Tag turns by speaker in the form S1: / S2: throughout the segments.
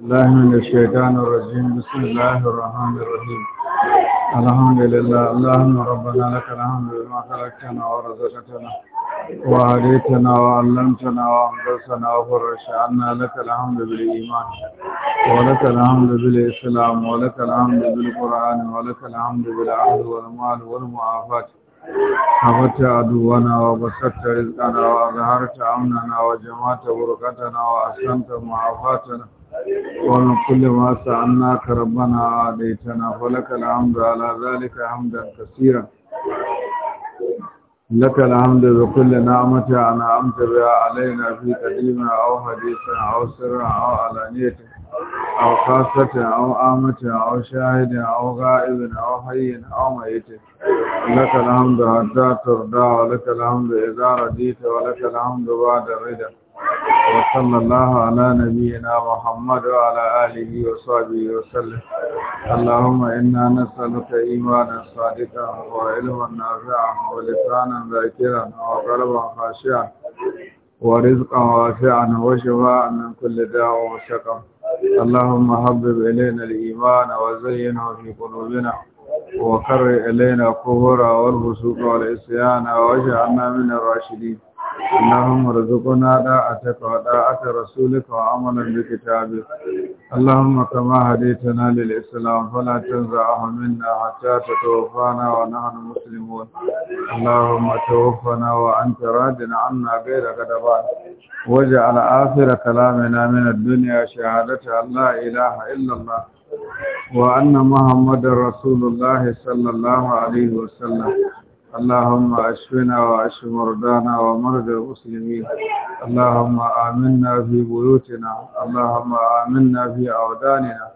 S1: الله من الشيطان الرجيم بسم الله الرحمن الرحيم الحمد لله اللهم ربنا لك الحمد بما خلقتنا ورزقتنا وهديتنا وعلمتنا وانقذتنا وفرجت عنا لك الحمد بالايمان ولك الحمد بالاسلام ولك الحمد بالقران ولك الحمد بالعهد والمال والمعافاه حفظت عدونا وبسطت رزقنا واظهرت امننا وجمعت بركتنا واحسنت معافاتنا ومن كل ما سألناك ربنا عاديتنا فلك الحمد على ذلك حمدا كثيرا لك الحمد بكل نعمة أنعمت بها علينا في قديمة أو حديثة أو سرة أو علانية أو خاصة أو آمة أو شاهد أو غائب أو حي أو ميت لك الحمد حتى ترضى ولك الحمد إذا رديت ولك الحمد بعد الرضا وصلى الله على نبينا محمد وعلى آله وصحبه وسلم اللهم إنا نسألك إيمانا صادقا وعلما نافعا ولسانا ذاكرا وقلبا خاشعا ورزقا واسعا وشفاء من كل داء وشقا اللهم حبب إلينا الإيمان وزينه في قلوبنا وقرر إلينا الكفر والفسوق والعصيان واجعلنا من الراشدين اللهم ارزقنا طاعتك وطاعة رسولك وعملا بكتابك اللهم كما هديتنا للإسلام فلا تنزعه منا حتى تتوفانا ونحن مسلمون اللهم توفنا وأنت راض عنا غير غضبان واجعل آخر كلامنا من الدنيا شهادة أن لا إله إلا الله وأن محمد رسول الله صلى الله عليه وسلم اللهم اشفنا واشف مرضانا ومرضى المسلمين اللهم آمنا في بيوتنا اللهم آمنا في أوداننا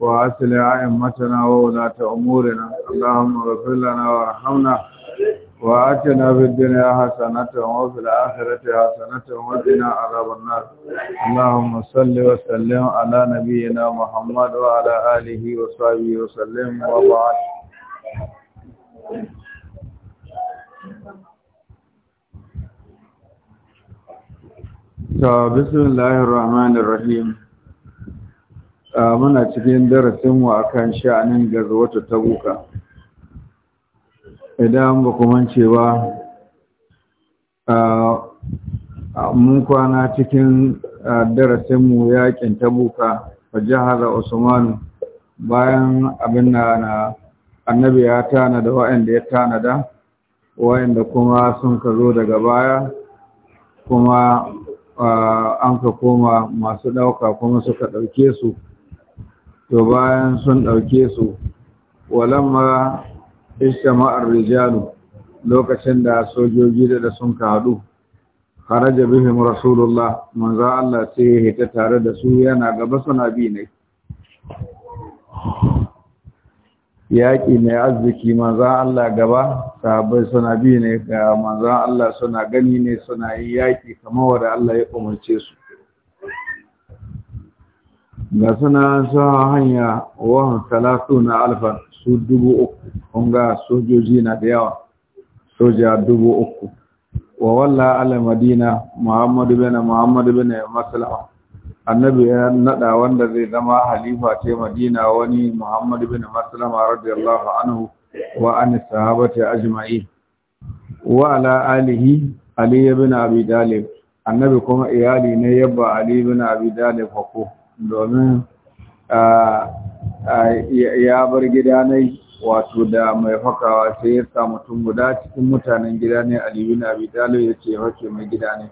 S1: وأسل أئمتنا وولاة أمورنا اللهم اغفر لنا وارحمنا وآتنا في الدنيا حسنة وفي الآخرة حسنة وقنا عذاب النار اللهم صل وسلم على نبينا محمد وعلى آله وصحبه وسلم وبعد ta bismillahir rahmanir rahim ah, muna cikin darasin mu akan sha'anin ta buka idan ba ku mance ba ah, mun kwana cikin ah, darasin mu yakin a jihar usman bayan abin na annabi ya tana da wa'anda ya tanada wa'anda kuma sun ka zo daga baya kuma an ka koma masu ɗauka kuma suka ɗauke su to bayan sun ɗauke su walamma ishtama'ar rijalu lokacin da sojoji da sun ka haɗu kharaja bihim rasulullah manzo Allah sai ya hita tare da su yana gaba suna bi ne yaƙi mai arziki manzan Allah gaba sahabbai suna bi ne ga manzan Allah suna gani ne suna yi yaƙi kamar wanda Allah ya umarce su ga suna sa hanya wahan talatu na alfa su dubu uku ga sojoji na da yawa soja dubu uku wa walla ala madina muhammadu bin muhammadu bin annabi ya nada wanda zai zama halifa ce madina wani Muhammadu bin maslama radiyallahu anhu wa an sahabati ajma'i wa ala alihi ali ibn abi dalib annabi kuma iyali ne yabba ali ibn abi dalib hako domin ya bar gida wato da mai fakawa sai ya samu mutum guda cikin mutanen gida ne ali ibn abi talib yace hake mai gida ne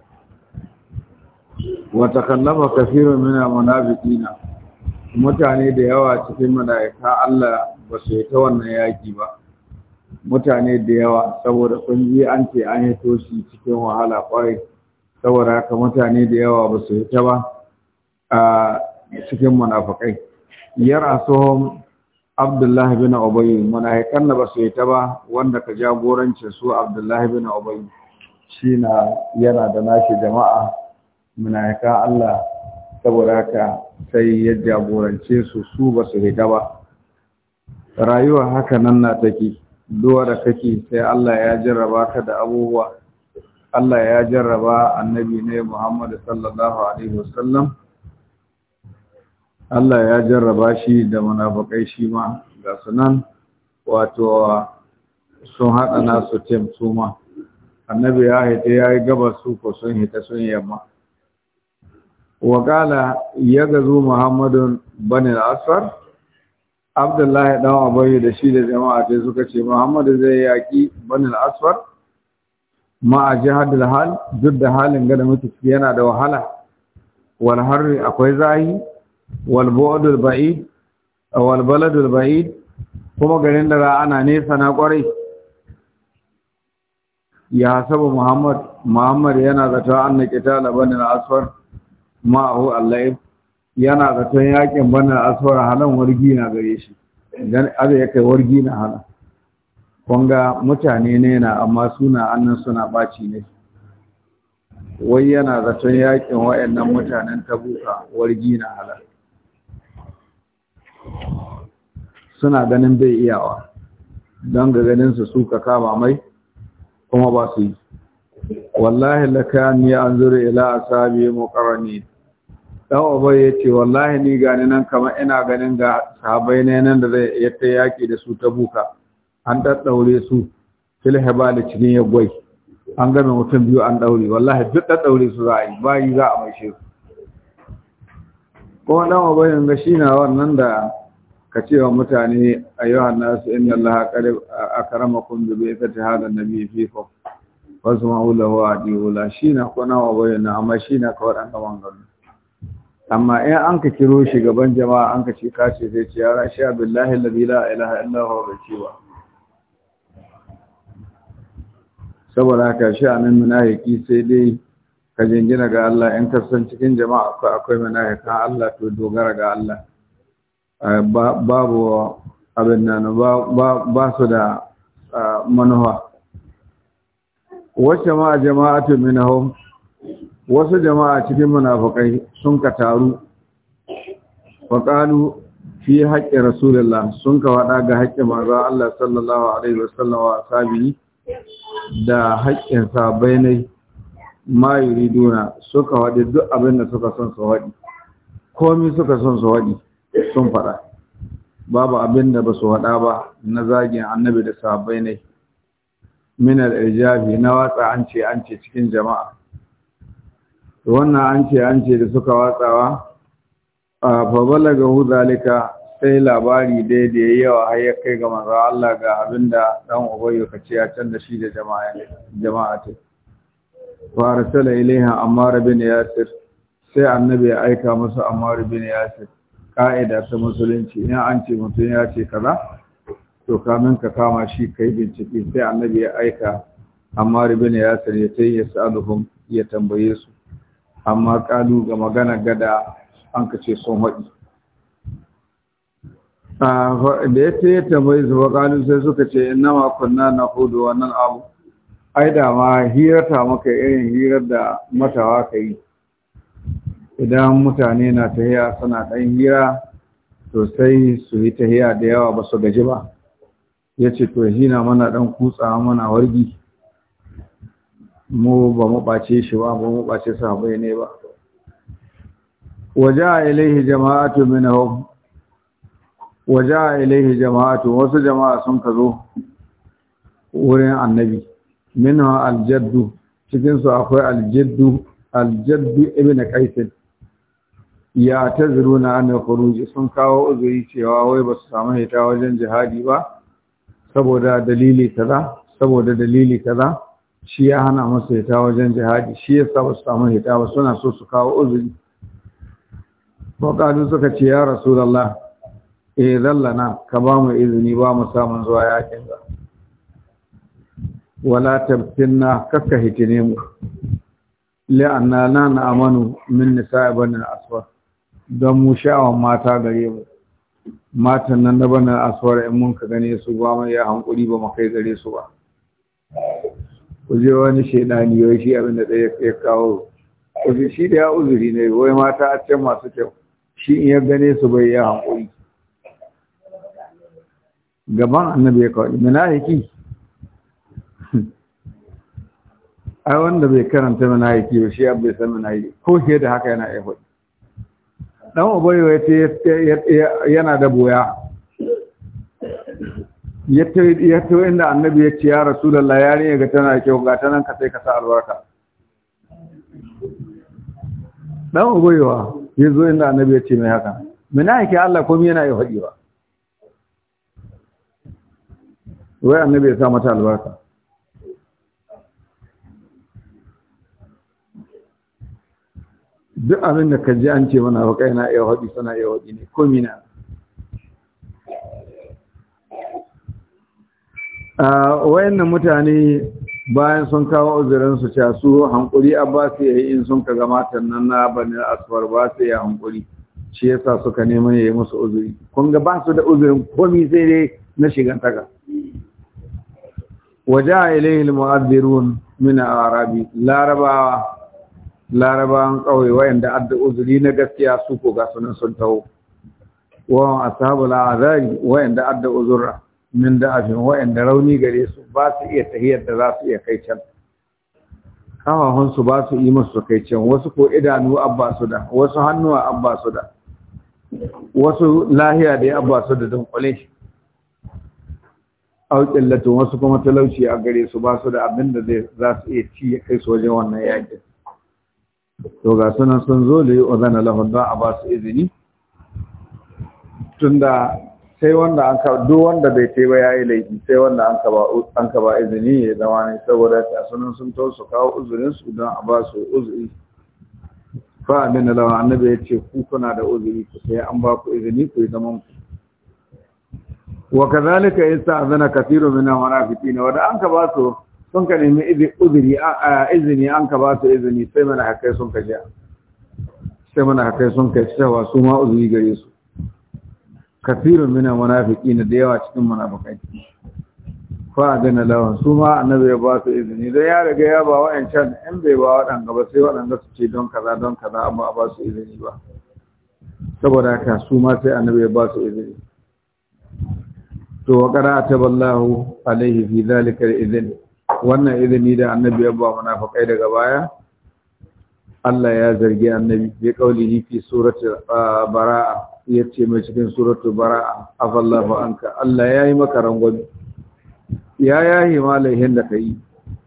S1: wata kallama kafirun mina munafiqina mutane da yawa cikin mala'ika Allah ba su yi ta wannan yaki ba mutane da yawa saboda kun ji an ce an yi toshi cikin wahala kwarai saboda haka mutane da yawa ba su yi ta ba a cikin munafikai yar asuhum Abdullahi bin Ubayy munafikan da ba su yi ta ba wanda ka jagorancin su Abdullahi bin Ubayy shi na yana da nashi jama'a munafika Allah saboda haka sai ya jagorance su su ba su hita ba rayuwa haka nan na take duwa da kake sai Allah ya jarraba ka da abubuwa Allah ya jarraba annabi ne Muhammad sallallahu alaihi wasallam Allah ya jarraba shi da munafikai shi ma ga sunan wato sun haɗa nasu tim su annabi ya haita ya yi gabas su ko sun hita sun yamma wakala ya gazo muhammadun banin asfar abdullahi dan abayi da shi da jama'a ta suka ce muhammadu zai yaƙi banin asfar ma a jihadul hal duk da halin gada muke yana da wahala wal harri akwai zahi wal bu'dul ba'id kuma garin da ana nesa na kwarai ya saba muhammad muhammad yana zata annaka ta banin asfar ma'ahu Allah yana zaton yakin bana asuwar halin wargi na gare shi idan abu ya kai wargi na hana kwanga mutane ne na amma suna annan suna baci ne wai yana zaton yakin wayannan mutanen tabuka wargi na hala suna ganin bai iyawa don ga ganin su suka kama mai kuma ba su yi wallahi lakani anzuru ila asabi muqarrani dan ubai ya ce wallahi ni gani nan kamar ina ganin ga sahabai ne nan da zai ya ta da su ta buka an daddaure su ba da cikin ya gwai. an game mutum biyu an ɗaure. wallahi duk daddaure su za a yi bayi za a mai su Kuma dan ubai ga shi na wannan da ka ce wa mutane a ayyuhan nasu inna allaha qarib akramakum bi bi'ati hadha na biyu fikum wasu ma'ula wa adiwula shi na kuna wa bayyana amma shi na kawar an gaban gano amma in an ka kiro shi gaban jama'a an ka ce kace zai ce ya rashi billahi allazi la ilaha illa huwa wa ba. saboda haka shi nan munafiki sai dai ka jingina ga Allah in ka cikin jama'a akwai akwai munafikan Allah to dogara ga Allah babu abin nan ba su da ah, manuwa wacce ma jama'atu minahum wasu jama'a cikin munafukai sun ka taru faƙalu fi haƙƙi rasulullah sun ka waɗa ga haƙƙi maza Allah sallallahu alaihi wasallam wa sabi da haƙƙin sahabbai ne mayu riduna suka waɗi duk abin da suka son su waɗi komi suka son su waɗi sun faɗa babu abin da ba su waɗa ba na zagin annabi da sahabbai ne minar al-ijabi na watsa an ce an ce cikin jama'a wannan an ce an ce da suka watsawa a fabala ga huzalika sai labari dai da ya yawa har ya kai ga manzo Allah ga abinda dan ubayyu kace ya canza shi da jama'a ta farsala ilaiha ammar bin yasir sai annabi ya aika musu ammar bin yasir ka'ida ta musulunci ina an ce mutum ya ce kaza to kamin ka kama shi kai bincike sai annabi ya aika ammar bin yasir ya tayi ya sa'aluhum ya tambaye su amma kalu ga magana gada an kace ce sun haɗi da ya ce tambayi zuwa kalu sai suka ce ina kunna na hudu wannan abu ai da ma hirata maka irin hirar da matawa ka yi idan mutane na tahiya suna ɗan hira to sai su yi tahiya da yawa ba su gaji ba ya ce to hina mana ɗan kutsa mana wargi mu ba mu ɓace shi ba mu mu ɓace sahabai ne ba waje a ilaihi jama'atu minahum waje a ilaihi jama'atu wasu jama'a sun ka zo wurin annabi aljadd cikin su akwai aljadd aljadd ibn qaisin ya ta an khuruj sun kawo uzuri cewa wai ba su samu hita wajen jihadi ba saboda dalili kaza saboda dalili kaza shi ya hana masu hita wajen jihadi shi ya sa su samu hita ba suna so su kawo uzuri wakadu suka ce ya rasulallah eh zallana ka ba mu izini ba mu samun zuwa yakin ba. wala tabtinna kakka ne mu la'anna na na amanu min nisa banin aswar don mu sha'awan mata gare mu matan nan na banin aswar in mun ka gane su ba mai ya hankuri ba mu kai gare su ba Kuje wani shaidani yau shi abin da ɗaya ya kawo kuje shi da ya uzuri ne wai mata a can masu kyau shi in ya gane su bai ya hankuri gaban annabi ya kawai manahiki ai wanda bai karanta manahiki ba shi bai san manahiki ko shi da haka yana ya faɗi dan ubayo ya ce yana da boya ya inda annabi ya ce ya rasulullah yarinya ga tana kyau ga ta nan ka sai ka sa albarka dan ugoyewa ya zo inda annabi ya ce mai haka mina yake Allah komai yana yi haɗewa wai annabi ya sa mata albarka duk abin da ka ji an ce mana baka yana iya haɗi suna iya haɗi ne komai na wayannan mutane bayan sun kawo uzurinsu cewa su hankuri abba sai yayi in sun gama matan nan na bani aswar ba su yi hankuri shi yasa suka neman yayi musu uzuri kun ga ba su da uzurin komai sai dai na shigan taka waja ilayhi almu'adhdhirun min arabi larabawa larabawan kauye wayanda adda uzuri na gaskiya su ko ga sunan sun taho wa ashabul azari wayanda adda uzurra min da afin wa'anda rauni gare su ba su iya tahiyar da za su iya kai can kawahunsu ba su yi musu kai can wasu ko idanu abba su da wasu hannuwa abba su da wasu lahiya da abba su da don shi aukin latin wasu kuma talauci a gare su ba su da abin da za su iya ci ya kai su wajen wannan yakin to ga sunan sun zo da yi ozana lahun don a ba su izini tunda sai wanda an ka duk wanda bai teba yayi laifi sai wanda an ka ba an ka ba izini ya zama ne saboda ta sunan sun to su kawo uzurin su don a ba su uzuri fa amin lawa annabi ya ce ku kuna da uzuri ku sai an ba ku izini ku zaman ku wa kazalika azana kathiru min al-munafiqin wa da an ka ba su sun ka nemi uzuri izini an ka ba su izini sai mana hakai sun ka ja sai mana hakai sun ka cewa su ma uzuri gare su kafirun mina munafiki na da yawa cikin munafikai fa adana lawan su ma annabi ya ba su izini don ya riga ya ba wa'ancan in bai ba waɗanga ba sai waɗanda su ce don kaza don kaza amma a ba su izini ba saboda haka su ma sai annabi ya ba su izini to wa ta taballahu alaihi fi zalika al wannan izini da annabi ya ba munafikai daga baya Allah ya zargi annabi bi qawlihi fi surati bara'a ya ce mai cikin suratul bara'a afallahu anka Allah ya yi maka rangwami ya yahi ma laihin da ka yi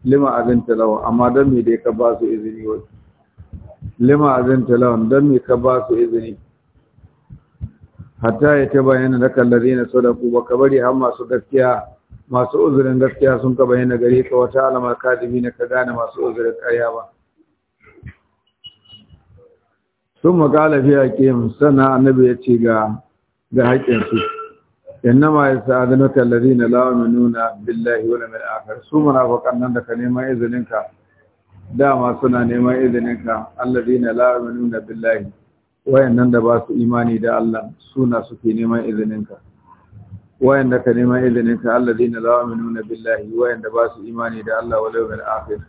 S1: lima abin talawa amma don me dai ka ba su izini wani lima abin talawa don me ka ba su izini hatta ya ta bayyana da kallari na sadaku ba ka bari har masu gaskiya masu uzurin gaskiya sun ka bayyana gare ka wata alamar kadimi na ka gane masu uzurin karya ba sun makala fi haƙe sannan annabi ya ce ga ga haƙinsu innama ya sa na lawan la nuna billahi wal yawmil akhir su munafiqan nan da ka nema izininka dama suna neman izininka Allah alladhina la nuna billahi wayan nan da ba su imani da Allah suna suke neman izininka Wayan da ka nema izininka Allah alladhina la nuna billahi wayan da ba su imani da Allah wal yawmil akhir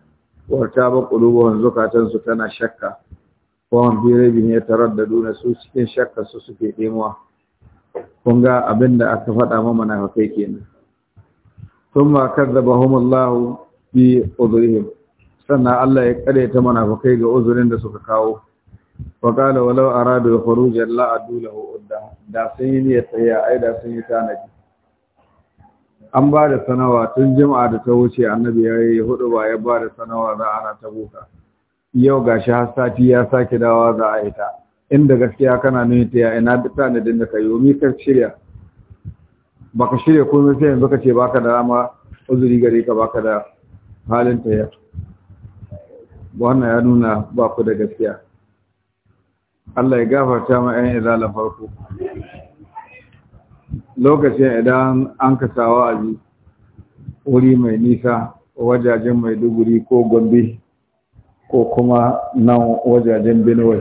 S1: wa taba qulubuhum zukatansu tana shakka Kowane biyar ne ya tarar da duna su cikin shakka su suke ɗemuwa kun ga abin da aka faɗa ma munafikai kenan sun ma kazzabahum Allah bi uzurihim sannan Allah ya ta munafikai ga uzurin da suka kawo wa qala walau aradu khuruj a dula udda da sun yi niyyar tsaye ai da sun yi tanadi an ba da sanawa tun jima'a da ta wuce annabi ya yi hudu ba ya ba da sanawa za'a ana ta buka yau ga shi har sati ya sake dawa za a ita inda gaskiya kana nuni ta ina duk tanadin da ka yomi Ba ka shirya baka shirya komai sai yanzu ka ce baka da rama uzuri gare ka baka da halin ta ya wannan ya nuna ba ku da gaskiya Allah ya gafarta ma ƴan izalan farko lokacin idan an kasawa aji wuri mai nisa wajajen mai duguri ko gombe ko kuma nan wajajen benue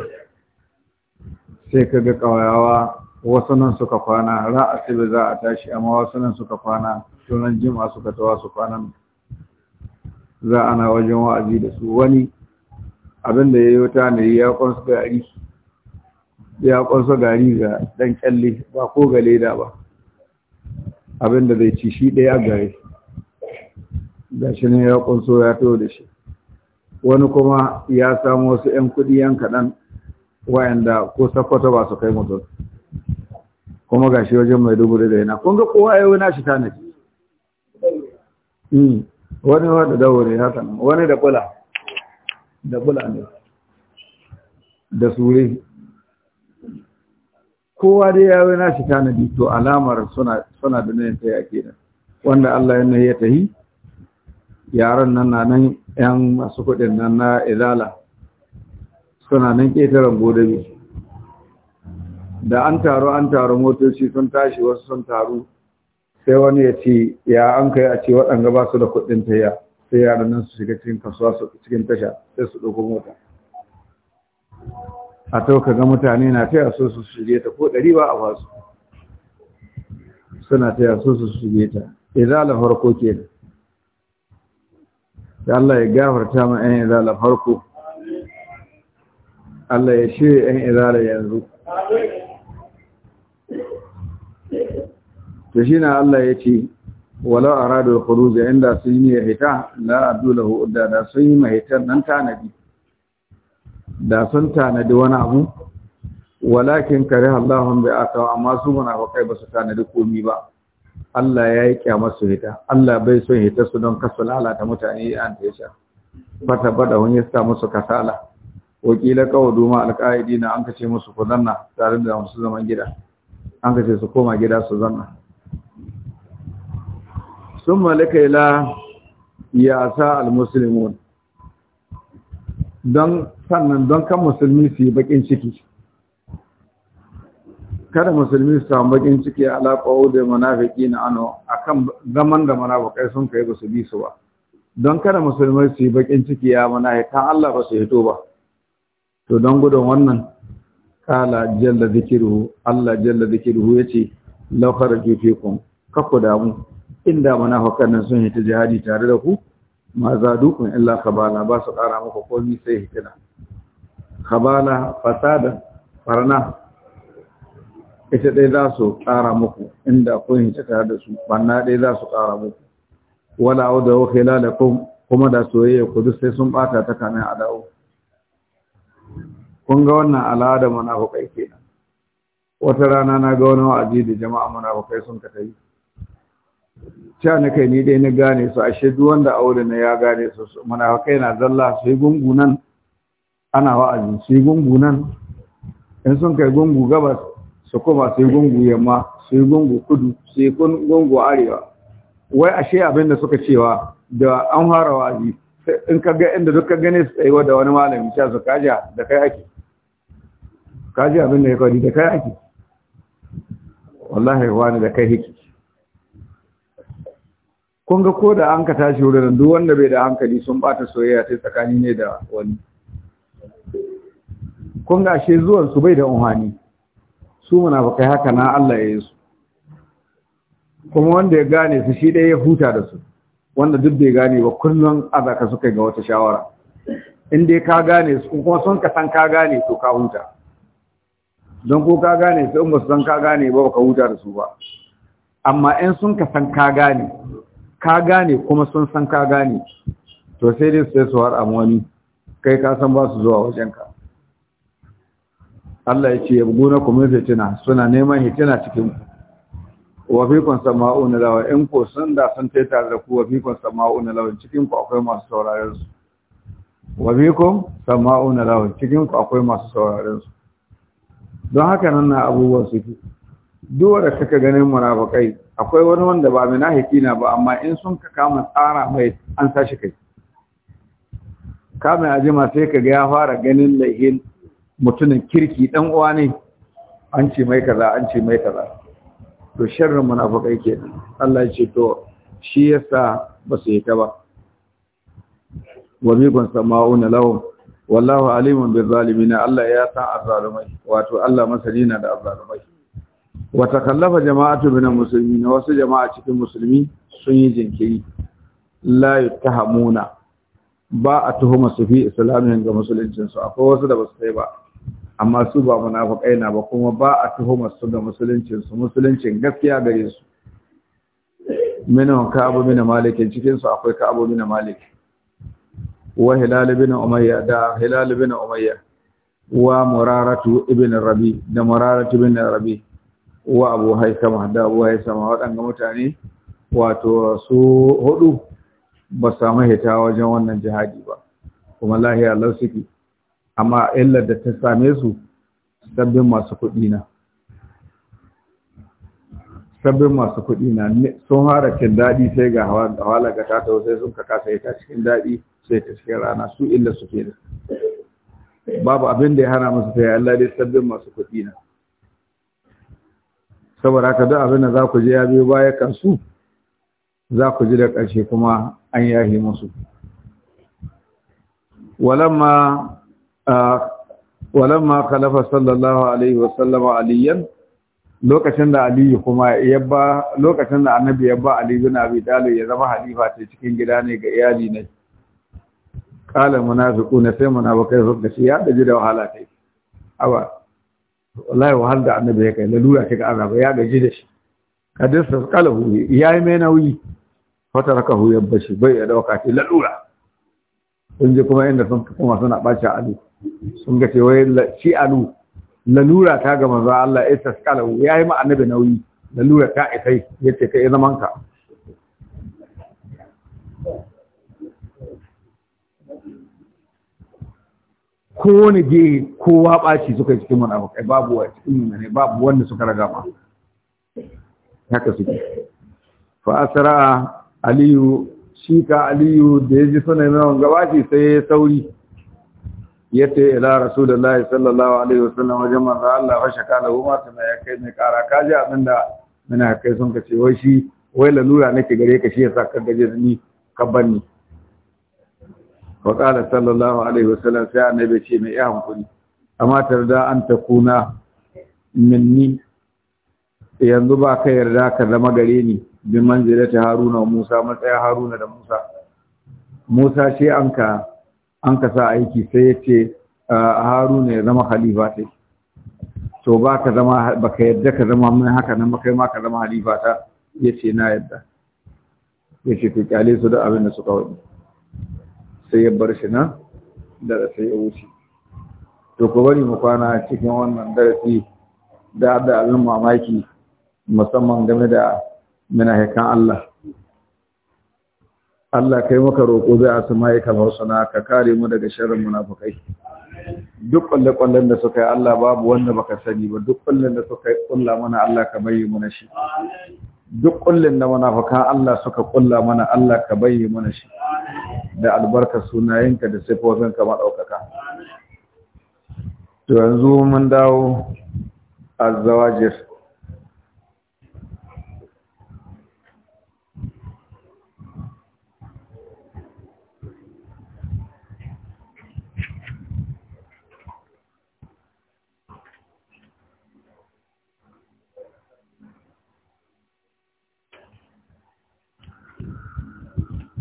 S1: sai ka ga ƙawayawa wasu nan suka kwana ra'a sibi za a tashi amma wasu nan suka kwana tunan jima suka tawa su kwanan za a na wajen wa'azi da su wani abin da ya yi wuta ne ya gari ya kwanso gari ga dan kyalle ba ko ga leda ba abin da zai ci shi ɗaya gari ga shi ne ya kwanso ya tawo da shi wani kuma ya samu wasu 'yan kuɗi yan kaɗan wayanda ko sakwata ba su kai mutum kuma ga shi wajen mai dubu da yana kun ga kowa yau na shi tanadi hmm. wani da dawo ne haka wani da kula da kula ne da suri. kowa dai ya wani na shi tanadi to alamar suna da nayin ta yake nan wanda Allah ya yi ya tahi yaran nan na nan yan masu kuɗin nan na izala suna nan ƙetaren godabi da an taru an taru motoci sun tashi wasu sun taru sai wani ya ce ya an kai a ce waɗanga ba su da kuɗin taya sai yaran nan su shiga cikin kasuwa su cikin tasha sai su ɗauko mota a to ka ga mutane na taya so su shige ta ko ɗari ba a basu suna taya so su shige ta izala harkokin da Allah ya gafarta ma ‘yan izala farko Allah ya shirya ‘yan izala yanzu to shi na Allah ya ce walau a radar kuruzi inda sun yi ya hita na hudu da sun yi mahitar nan tanadi da sun tanadi wani abu walakin kare Allahun bai aka amma su kwakai ba su tanadi komi ba Allah ya yi kyamar su hita Allah bai son hita su don kasu lalata mutane an taisha bata bada hun yasta musu kasala wakila kawo duma alƙa'idi na an kace musu ku zanna tare da wasu zaman gida an kace su koma gida su zanna sun malika ila ya sa almuslimun don sannan don kan musulmi su yi bakin ciki kada musulmi su samu bakin ciki ala da munafiki na ano akan zaman da munafikai sun kai ba su bi su ba don kada musulmai su yi bakin ciki ya munafikan Allah ba su hito ba to don gudun wannan kala jalla zikiru Allah jalla zikiru ce, laukar kharaju jufekun, kakku damu inda munafikan nan sun hita jihadi tare da ku ma dukun illa kabala ba su kara muku ni sai hitina kabala fasada farna ita ɗaya za su ƙara muku inda kun hince da su banna ɗaya za su ƙara muku wala au da la da kuma da soyayya ku duk sai sun bata ta kamin a kun ga wannan al'ada munafukai kenan wata rana na ga wani wa'azi da jama'a munafukai sun ka tayi cewa na kai ni dai na gane su ashe duk wanda aure na ya gane su Manafukai na zalla su yi gungunan ana wa'azi su yi gungunan in sun kai gungu gabas su koma sai gungu yamma su yi gungu kudu su yi gungu arewa wai ashe abin da suka cewa da an fara wazi in ka ga inda duk ka gane su tsayuwa da wani malami sha su kaja da kai ake kaji abin da ya kwadi da kai ake wallahi wani da kai hiki kun ga ko da an ka tashi wurin duk wanda bai da hankali sun bata soyayya sai tsakani ne da wani kun ga ashe zuwan su bai da unhani su bakai haka na Allah ya yi su kuma wanda ya gane su shi dai ya huta da su wanda duk da ya gane ba kullum azaka suka ga wata shawara in dai ka gane su kuma sun ka san ka gane to ka huta don ko ka gane su in ba su san ka gane ba ka huta da su ba amma in sun ka san ka gane ka gane kuma sun san ka gane to sai dai su sai su har amwani kai ka san ba su zuwa wajenka Allah ya ce na kuma fitina suna neman fitina cikin ku wa fikum sama'una lawa in ku sun da sun tai tare da ku wa fikum sama'una lawa cikin ku akwai masu sauraron su wa fikum sama'una lawa cikin ku akwai masu sauraron su don haka nan na abubuwan su duk da kaka ganin munafikai akwai wani wanda ba munafiki na ba amma in sun ka kama tsara mai an tashi kai kamin ajima sai ka ga ya fara ganin lahin mutumin kirki dan uwa ne an ce mai kaza an ce mai kaza to sharrin munafikai kenan Allah ya ce to shi yasa ba su yi ta ba wa miqan sama'una lahum wallahu alimun bil zalimin Allah ya san azalumai wato Allah masalina da azalumai wa takallafa jama'atu min muslimin wasu jama'a cikin musulmi sun yi jinkiri la yutahamuna ba a tuhuma su fi islamin ga musuluncinsu akwai wasu da ba su kai ba amma su ba munafukai na ba kuma ba a tuho su da musulunci su musuluncin gaskiya gare su ka abu bin malik cikin su akwai ka abu bin malik wa hilal bin umayya da hilal bin umayya wa muraratu ibn rabi da muraratu ibn rabi wa abu haisama da abu haisama waɗanda mutane wato su hudu ba samu hita wajen wannan jihadi ba kuma lahiya Allah suke amma illar da ta same su sabbin masu kuɗi na sabbin masu kuɗi na sun hara cin daɗi sai ga hawala ga ta tausa sun ka kasa ita cikin daɗi sai ta cikin rana su illa su ke da babu abin da ya hana musu ta yi dai sabbin masu kuɗi na saboda haka duk abin da za ku je ya biyo baya su za ku ji da ƙarshe kuma an yahi musu walamma walamma khalafa sallallahu alaihi wa sallama aliyan lokacin da aliyu kuma ba lokacin da annabi yabba ali bin abi talib ya zama halifa ce cikin gida ne ga iyali ne kala munafiquna sai mun munafikai suka ce ya gaji da wahala kai aba wallahi wahal da annabi ya kai lalura ce ga azaba ya gaji da shi kadin sa kala ya yi mai nauyi fataraka hu shi bai ya dauka shi lalura kun je kuma inda sun kuma suna bace ali sun ga wai shi nu. lalura ta ga manzo Allah ya eh, taskala ya yi ma annabi nauyi lalura ta isai yace kai zaman ka Ko wani gehe kowa baci suka cikin munafukai babu wa cikin munafukai babu wanda suka raga ba haka suke fa asara aliyu shi ka aliyu da ya ji suna yawan gabaci sai ya sauri ya ila rasulullahi sallallahu alaihi wasallam wajen manzo Allah wa shaka lahu ma tana ya kai ne kara ka ji abin da muna kai sun ka ce wai shi wai lalura nake gare ka shi yasa ka gaje ni ka banni wa qala sallallahu alaihi wasallam sai annabi ce mai ya hankuri amma tarda an ta kuna minni yanzu ba ka yarda ka zama gare ni bi manzilata haruna musa matsaya haruna da musa musa shi an ka an ka sa aiki sai ya ce haruna ya zama halifa ta to ba ka zama ba ka yadda ka zama mai haka nan makai ma ka zama halifa ta ya ce na yadda ya ce to kyale su da abin da suka wani sai ya bar shi nan da sai ya wuce to ku bari mu kwana cikin wannan darasi da abin mamaki musamman game da mina hekan Allah Allah kai maka roƙo zai asuma ya kalmar sana ka kare mu daga shirin munafukai duk ƙwallon da suka yi Allah babu wanda baka sani ba duk ƙwallon da suka yi kulla mana Allah ka bayi mana shi duk ƙwallon da munafukan Allah suka kulla mana Allah ka bayi mana shi da albarka sunayenka da sifofinka maɗaukaka to yanzu mun dawo azzawajir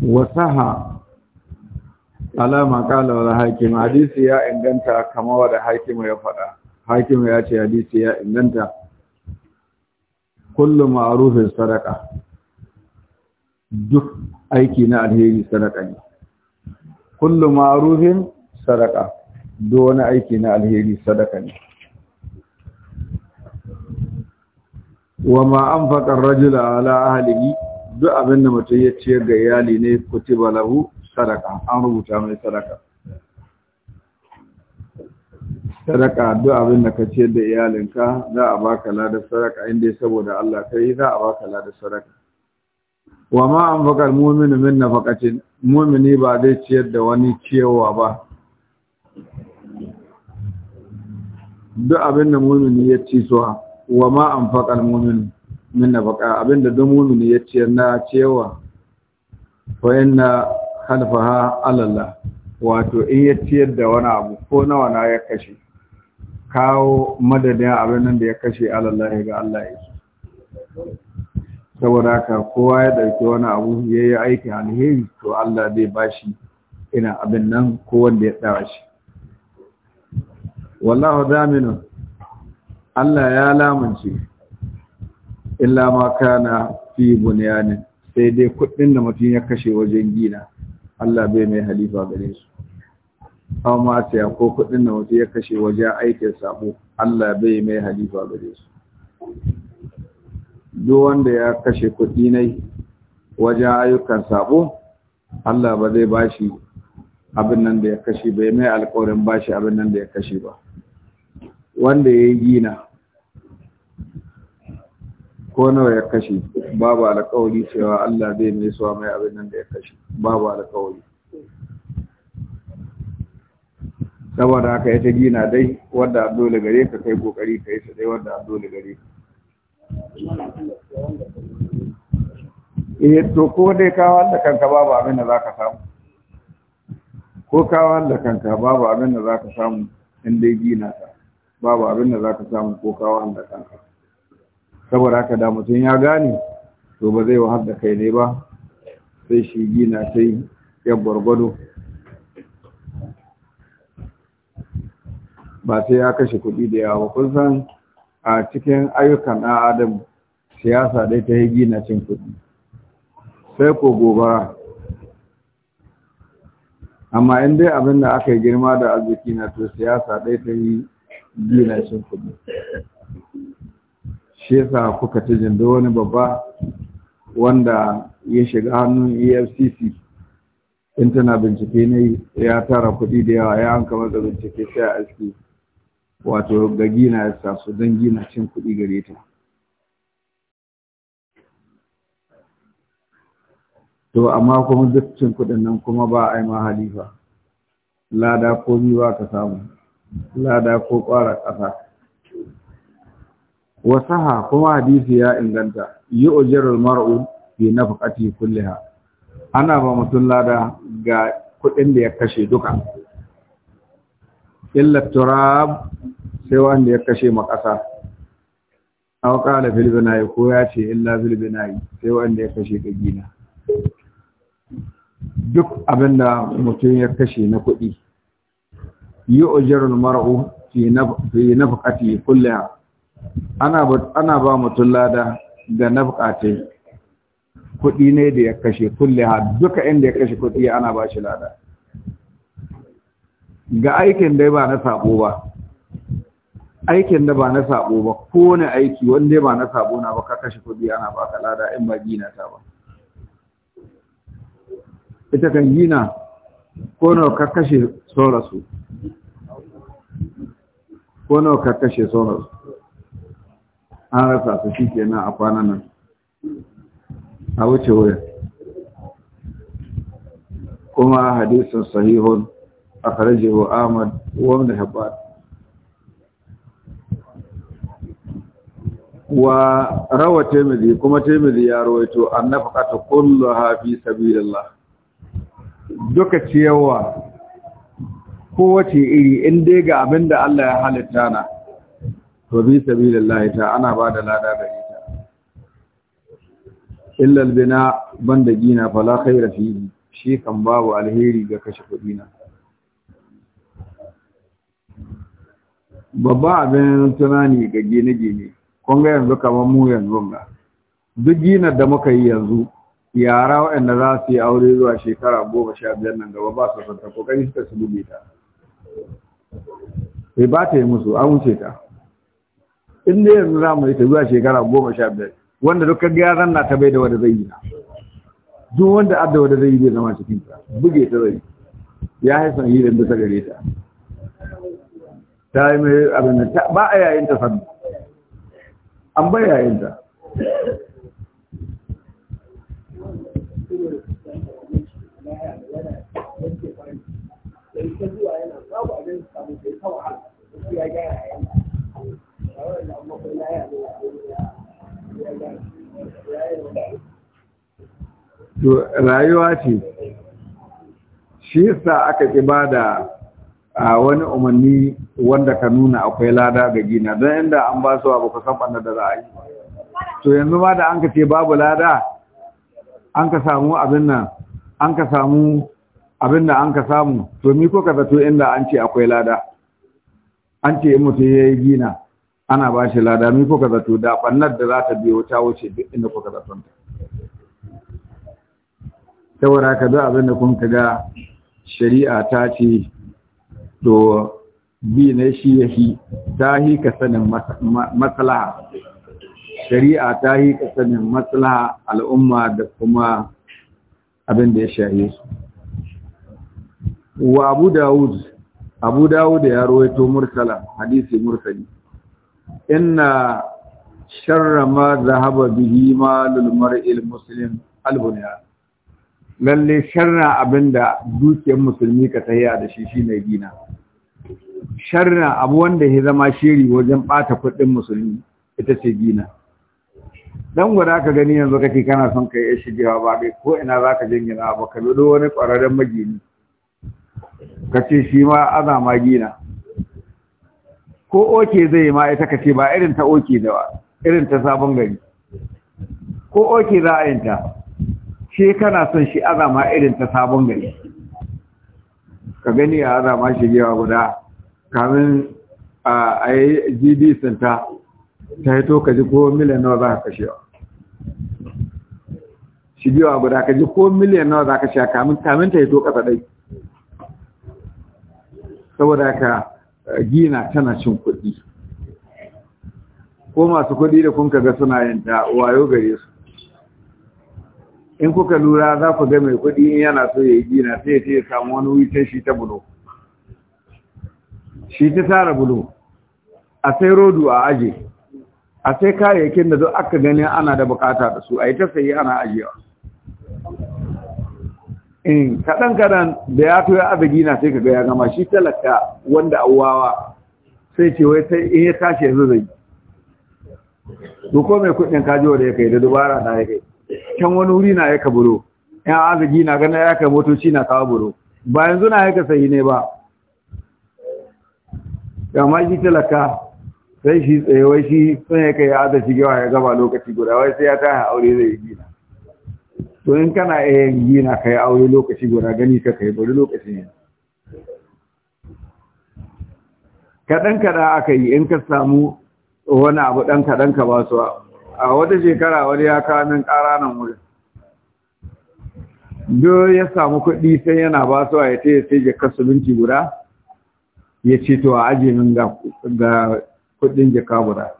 S1: wasaha alama kala ولا hakim hadisi ya inganta kamar wanda hakim ya faɗa hakim ya ce hadisi ya inganta kullu ma'rufin sadaka duk aiki na alheri sadaka ne kullu ma'rufin sadaka duk wani aiki na alheri sadaka ne wa ma anfaqa ar ala ahlihi duk abin da mutum ya ciyar ga iyali ne kutiba lahu sadaka an rubuta mai sadaka sadaka duk abin da ka ciyar da iyalinka za a baka lada sadaka inda saboda Allah yi za a baka lada sadaka wa ma an bakar mumini min na nafaqatin mumini ba zai ciyar da wani ciyarwa ba duk abin da mumini ya ci suwa wa ma an fakar mumini min nafaka abinda don mumini ya ciyar na cewa wa na khalfaha alallah wato in ya ciyar da wani abu ko nawa na ya kashe kawo madadin abin nan da ya kashe ya ga Allah yake saboda haka kowa ya ɗauki wani abu ya yi aiki alheri to Allah zai bashi ina abin nan ko wanda ya dawa shi wallahu zaminu Allah ya lamunce illa ma kana fi bunyanin sai dai kuɗin da mutum ya kashe wajen gina Allah bai mai halifa gare su aw ma ta ko kuɗin da mutum ya kashe wajen aikin sabo Allah bai mai halifa gare su duk wanda ya kashe kudi nai wajen ayyukan sabo Allah ba zai bashi abin nan da ya kashe bai mai alƙawarin bashi abin nan da ya kashe ba wanda ya yi gina ko nawa ya kashe babu alƙawari cewa Allah zai mai suwa mai abin nan da ya kashe babu alƙawari saboda haka ya ta gina dai wadda dole gare ka kai kokari ka yi su dai wadda dole gare ka eh to ko dai ka wanda kanka babu abin da zaka samu ko ka wanda kanka babu abin da zaka samu in dai gina ta babu abin da zaka samu ko ka wanda kanka saboda haka da mutum ya gane to ba zai wahar da kai ne ba sai shi gina sai ya gwargwado ba sai ya kashe kuɗi da yawa kun san a cikin ayyukan ɗan adam siyasa dai ta yi gina cin kuɗi sai ko gobe. amma in dai abin da aka yi girma da arziki na to siyasa dai ta yi gina cin kuɗi shi yasa kuka ta jindo wani babba wanda ya shiga hannun efcc in tana bincike ne ya tara kuɗi da yawa ya an kamar da bincike sai a aski wato ga gina ya sa su don gina cin kuɗi gare ta to amma kuma duk cin kuɗin nan kuma ba a yi ma halifa lada ko biyu ba ka samu lada ko ƙwara ƙasa wasaha kuma hadisi ya inganta yi ujirar mar'u fi nafaqati kulliha ana ba mutum lada ga kuɗin da ya kashe duka illa turab sai wanda ya kashe makasa aw qala fil bina'i ko ya ce illa fil bina'i sai wanda ya kashe gina duk abinda mutum ya kashe na kuɗi yi ujirar mar'u fi nafaqati kulliha ana ba mutum lada da na ta kudi kuɗi ne da ya kashe kulle ha duka inda ya kashe kuɗi ana ba shi lada ga aikin dai ba na sabo ba aikin da ba na sabo ba ko ne aiki wanda ba na sabo na ba ka kashe kuɗi ana ba ka lada in ba gina ta ba ita kan gina ko ne ka kashe saurasu ko ne ka kashe saurasu an rasa su shi kenan a kwanan nan a wuce wurin kuma hadisun sahihun a karajewa ahmad wanda haɓar wa rawa taimidi kuma taimidi ya rawaito an nafakata kullu hafi sabilillah duka ciyarwa kowace iri in ga abinda Allah ya halitta na wa bi sabilillahi ta ana ba da lada gare ta illal bina banda gina fala khaira fihi shi kan babu alheri ga kashe kuɗi na babba abin tunani ga gine-gine kun ga yanzu kamar mu yanzu ga duk ginar da muka yi yanzu yara waɗanda za su yi aure zuwa shekara goma sha biyar nan gaba ba su santa kokari suka su buge ta ba ta yi musu an wuce ta in da yanzu za mu yi ta zuwa shekara goma sha biyar wanda duka gyaran na ta bai da wanda zai yi na duk wanda adda wanda zai yi zai zama cikin ta buge ta zai ya haifan yi da bisa gare ta ta yi mai abin da ba a yayin ta sannu an bai yayin ta Thank you. to rayuwa ce shi yasa aka ƙi ba da wani umarni wanda ka nuna akwai lada ga gina don inda an ba su abu kusan ɓanna da za a yi to yanzu ma da an ka ce babu lada an ka samu abin nan an ka samu abin da an ka samu to mi ko ka zato inda an ce akwai lada an ce in mutum ya yi gina ana ba shi lada mi kaza to da bannar da za ta biyo ta wuce duk inda kuka zaton ta saboda ka da abin da kun ga shari'a ta ce to bi ne shi ya shi ta hi ka sanin matsala shari'a ta yi sanin matsala al'umma da kuma abin da ya shaye su. Wa Abu Dawud, Abu Dawud ya rawaito mursala, hadisi mursali. inna sharra ma zahaba bihi malul mar'il muslim albunyan lalle sharra abinda dukiyar musulmi ka tahiya da shi shine gina sharra abu wanda ya zama shiri wajen bata kuɗin musulmi ita ce gina dan gwada ka gani yanzu kake kana son kai ya shigewa ba kai ko ina zaka jingina ba ka bido wani kwararren magini ka ce shi ma azama gina ko oke zai ma ita kace ba irin ta oke da irin ta sabon gari ko oke za a yinta she kana son shi azama irin ta sabon gari ka gani a azama shi gewa guda kamin a yi gd santa ta hito ka ji ko miliyan nawa za ka kashe shi gewa guda ka ji ko miliyan nawa za ka kashe kamin ta hito kasa ɗai saboda ka gina tana cin kuɗi ko masu kuɗi da kun kaga suna yin ta wayo gare su in kuka lura za ku ga mai kuɗi in yana so ya yi gina sai ya ce samu wani wuce shi ta bulo shi ta tara bulo a sai rodu a aje a sai kayayyakin da duk aka gani ana da bukata da su a yi ta sayi ana ajiyewa in eh, kaɗan kaɗan da ya to ya abigi na sai ka ya gama shi talaka wanda awawa sai ce wai sai in ya tashi yanzu zai to ko mai kuɗin kaji da ya kai da dubara na ya kai can wani wuri na ya kaburo Ya arziki na gana ya kai motoci na kawo buro ba yanzu na ya ka sayi ne ba Gama shi talaka sai shi tsaye wai shi sun ya kai ya arziki gawa ya gaba lokaci guda wai sai ya tashi aure zai yi gina to in kana iya gina kai aure lokaci guda gani ka kai bari lokaci ne kaɗan kaɗa aka yi in ka samu wani abu ɗan kaɗan ka ba su a wata shekara wani ya kawo min ƙara nan wurin do ya samu kuɗi sai yana ba su a ya taya sai jakar sulunci guda ya ce to a aji min ga kuɗin jaka guda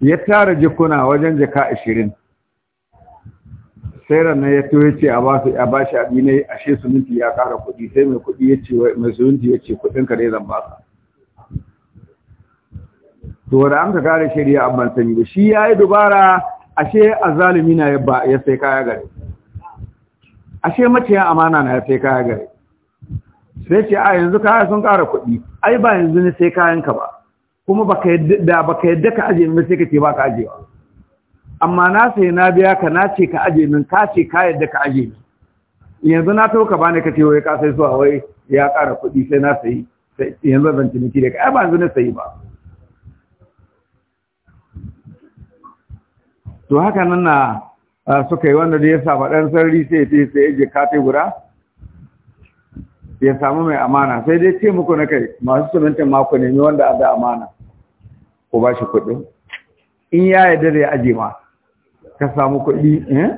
S1: ya tara jikuna wajen jaka ashirin sai ranar ya to yace a basu a bashi abi ne ashe suminti ya kara kuɗi sai mai kuɗi yace mai suminti ce kuɗin ka dai zan ka. to wanda an ka kare shari'a an ban sani ba shi yi dubara ashe zalimi na ya ba ya sai kaya gare ashe maciyan amana na ya sai kaya gare sai ce a yanzu kaya sun kara kuɗi ai ba yanzu ne sai kayan ka ba kuma ba ka baka yadda ka aje mai sai ka ce baka ajewa amma na sai na biya ka na ce ka aje min ka ce ka yadda ka aje min yanzu na to ka bani ka ce wai ka sai su wai ya ƙara kuɗi sai na sayi yanzu zan ciniki da ka ai ba yanzu na sayi ba to haka nan na suka yi wanda da ya sa faɗan sarri sai ya sai ya je kafe guda ya samu mai amana sai dai ce muku na kai masu sumintin mako nemi wanda a da amana ko ba shi kuɗin in ya yarda da ya aje ma ka samu kuɗi eh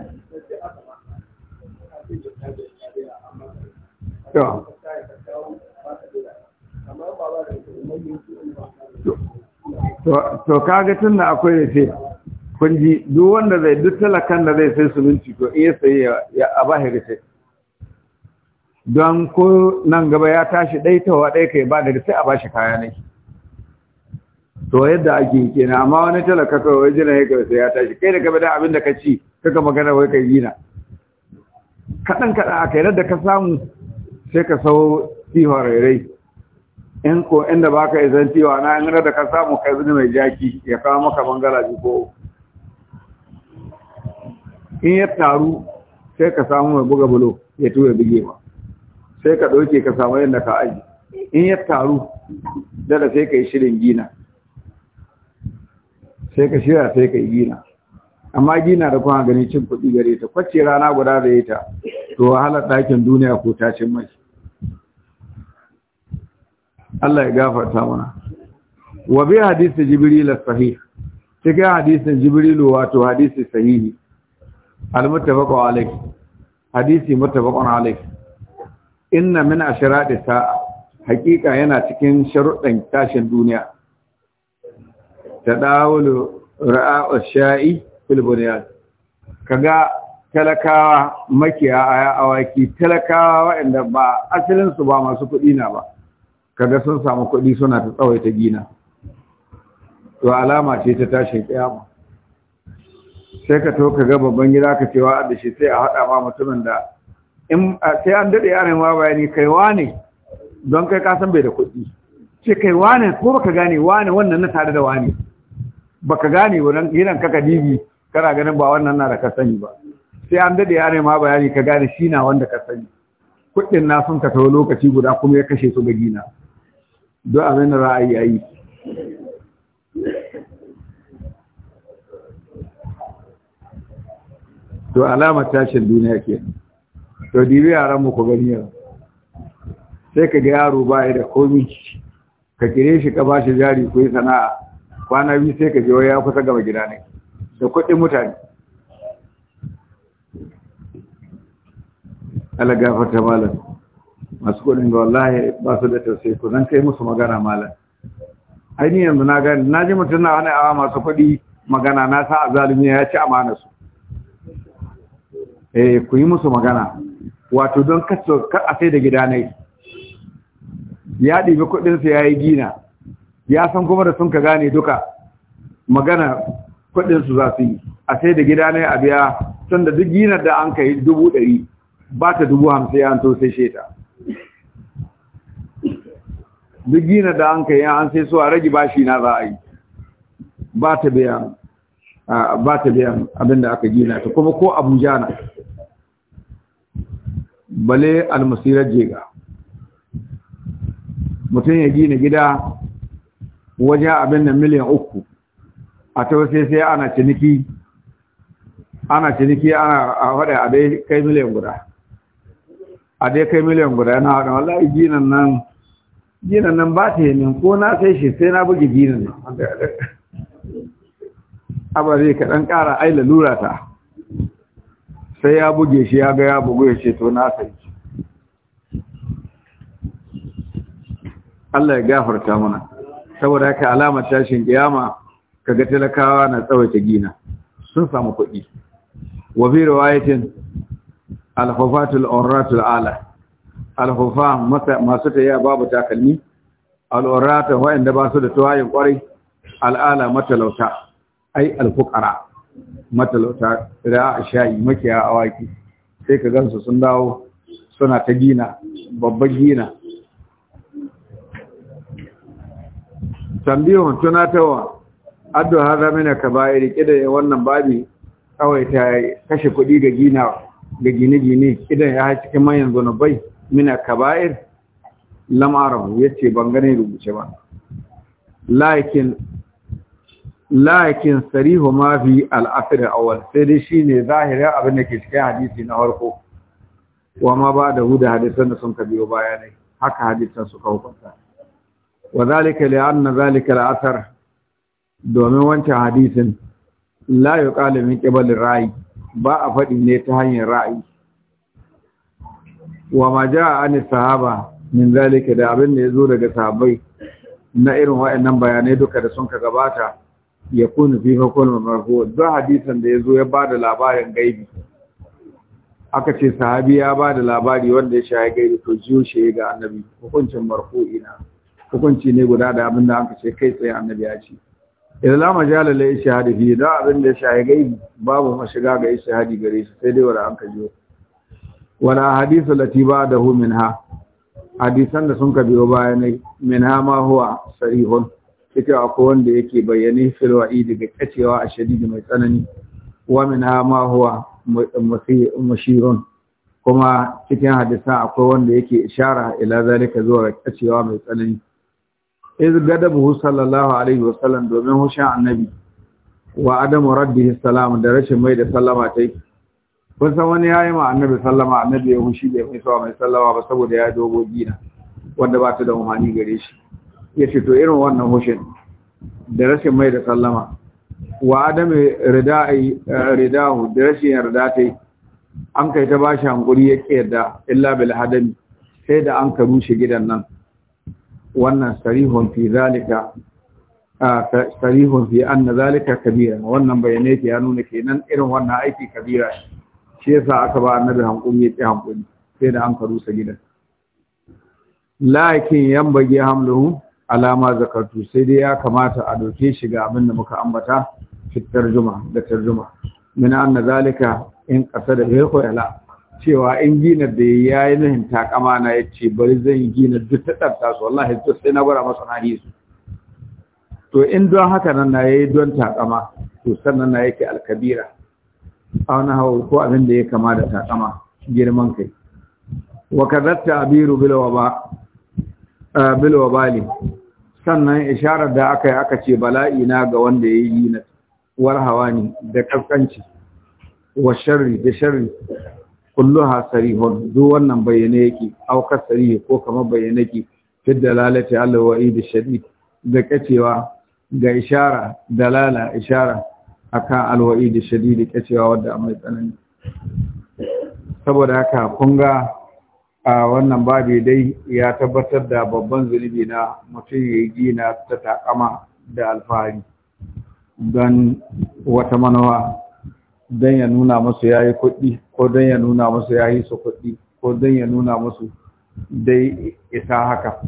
S1: to ga tun da akwai da ce kun ji duk wanda zai duk talakan da zai sai minti to iya sai ya shi rufe don ko nan gaba ya tashi ɗaitawa tawa ya kai ba da rufe a bashi kaya ne to yadda ake yi kenan amma wani talaka kawai wai jina yake sai ya tashi kai da kaba da abin da ka ci kaka magana wai kai gina kaɗan kada a kai da ka samu sai ka sau tiwa rairai in ko inda baka izan tiwa na in da ka samu kai zuni mai jaki ya kawo maka bangala ji ko in ya taru sai ka samu mai buga bulo ya tura bige ma sai ka ɗauke ka samu yadda ka aji in ya taru dala sai ka yi shirin gina sai ka shirya sai ka yi gina amma gina da kuma gani cin kuɗi gare ta kwace rana guda da ita to wahalar ɗakin duniya ko ta mai Allah ya gafarta mana wa bi hadisi jibril sahih cikin hadisin jibril wato hadisi sahihi al-muttafaq alayhi hadisi muttafaq alayhi inna min ashrati sa'a haqiqa yana cikin sharuɗan tashin duniya ta dawulu ra'a sha'i fil bunyan kaga talakawa makiya aya awaki talakawa waɗanda ba asalin su ba masu kuɗi na ba kaga sun samu kuɗi suna ta tsawaita gina to alama ce ta tashin kiyama sai ka to ka babban gida ka cewa da shi sai a haɗa ma mutumin da in sai an dade yaran ma bayani kai wane don kai ka san bai da kuɗi ce kai wane ko baka gane wane wannan na tare da wane baka gane wurin yinan kaka dibi kana ganin ba wannan na da ka sani ba sai an dade ya ma bayani ka gane shi na wanda ka sani kuɗin na sun ka tawo lokaci guda kuma ya kashe su ga gina don abin ra'ayi ayi to alamar tashin duniya ke to dibi yaran mu ku gani sai ka ga yaro ba da komi ka kire shi ka bashi jari ko sana'a kwana biyu sai ka je ya kusa gaba gida ne da kuɗin mutane ala gafarta malam masu kuɗin ga wallahi ba su da tausayi ku zan kai musu magana malam ainihin yanzu na gani na ji mutum na wani awa masu kuɗi magana na sa azalumi ya ci amana su eh ku yi musu magana wato don kar a sai da gida ne ya ɗibi kuɗinsa ya yi gina ya san kuma da sun ka gane duka magana kudin su za su yi a sai da gida ne a biya tun da duk ginar da an kai dubu ɗari ba ta dubu hamsin ya to sai sheta duk ginar da an kai an sai so a rage bashi na za a yi ba ta biya ba ta biyan abin da aka gina ta kuma ko abuja na bale almasirar jega mutum ya gina gida wajen abin da miliyan uku a tausai sai ana ciniki ana ciniki ana a faɗa a dai kai miliyan guda a dai kai miliyan guda yana haɗa wallahi ginan nan ginan nan ba ta yi ko na sai shi sai na buge ginan nan abare ka ɗan ƙara ai lalura ta sai ya buge shi ya ga ya bugu ya ce to na sai Allah ya gafarta mana saboda haka alamar tashin kiyama kaga talakawa na tsawaita gina sun samu kuɗi wa bi riwayatin al-hufatul urratul ala al-hufa masu taya babu takalmi al-urrata wa'anda ba su da tuwayin kwarai al-ala matalauta ai al-fuqara matalauta ra'a shayi makiya awaki sai ka gansu sun dawo suna ta gina babban gina tambihun tunatawa addu hada mina kaba'ir kida wannan babi kawai ta kashe kuɗi ga gina ga gine-gine idan ya haci cikin manyan zunubai mina kaba'ir lamarin yace ce ban gane rubuce ba laikin sarihu ma fi al'afir awal sai dai shi ne zahirin abin da ke cikin hadisi na harko wa ma ba da hudu hadisan da sun ka biyo bayanai haka hadisan suka hukunta wa zalika li'anna zalika domin wancan hadisin la yuqalu min qibali ra'i ba a faɗi ne ta hanyar ra'ayi wa ma jaa an sahaba min zalika da abin da yazo daga sahabbai na irin wa'annan bayanai duka da sun ka gabata ya kunu fi hukun marfu da hadisan da yazo ya bada labarin gaibi aka ce sahabi ya bada labari wanda ya shaye gaibi to jiyo shi ga annabi hukuncin marfu ina hukunci ne guda da abin da aka ce kai tsaye annabi ya ce la majala li ishhadi fi da abin da shahi gai babu mashiga ga shahadi gare shi sai dai wala an kajo wala hadithu lati ba'dahu minha hadisan da sun ka biyo ne minha ma huwa sarihun cikin akwai wanda yake bayyane fil wa'idi ga kacewa a shadidi mai tsanani wa minha ma huwa mushirun kuma cikin hadisa akwai wanda yake ishara ila zalika zuwa kacewa mai tsanani iz buhu sallallahu alaihi wa sallam domin hushin annabi wa adamu raddihi salam da rashin mai da sallama ta yi kun san wani yayi ma annabi sallama annabi ya hushe bai mai sawa mai sallama ba saboda ya dogo gina wanda ba ta da umarni gare shi ya ce to irin wannan hushin da rashin mai da sallama wa adamu rida'i ridahu da rashin yarda ta yi an kai ta bashi hankuri ya yarda illa bil hadami sai da an ka rushe gidan nan wannan sarihun fi zalika sarihun fi anna zalika kabira wannan bayanai ke ya nuna kenan irin wannan aiki kabira shi yasa aka ba annabi hankuri ya ce hankuri sai da an sa gidan lakin yan bage hamluhu alama zakatu sai dai ya kamata a doke shi ga abin da muka ambata fitar juma da tarjuma min anna zalika in qasada bi khayla cewa in gina da ya yi nahin takama na ya ce bari zan yi gina duk ta ɗarta su wallahi duk sai na gwada masu hari su to in don haka nan na ya yi don takama to sannan na yake alkabira a wani hau ko abin da ya kama da takama girman kai wa kazatta abiru bilwa bali sannan isharar da aka yi aka ce bala'i na ga wanda ya yi na warhawa ne da ƙasƙanci wa sharri da sharri kulluha sarihun duk wannan bayyane yake auka sarihi ko kamar bayyane yake fid dalalati wa wa'id shadid da kacewa ga ishara dalala ishara akan alwa'id shadid kacewa wadda mai tsanani saboda haka kun ga a wannan babi dai ya tabbatar da babban zunubi na mutum ya gina ta takama da alfahari don wata manawa don ya nuna masu ya yi kuɗi ko don ya nuna musu ya yi su kuɗi ko don ya nuna masu dai isa haka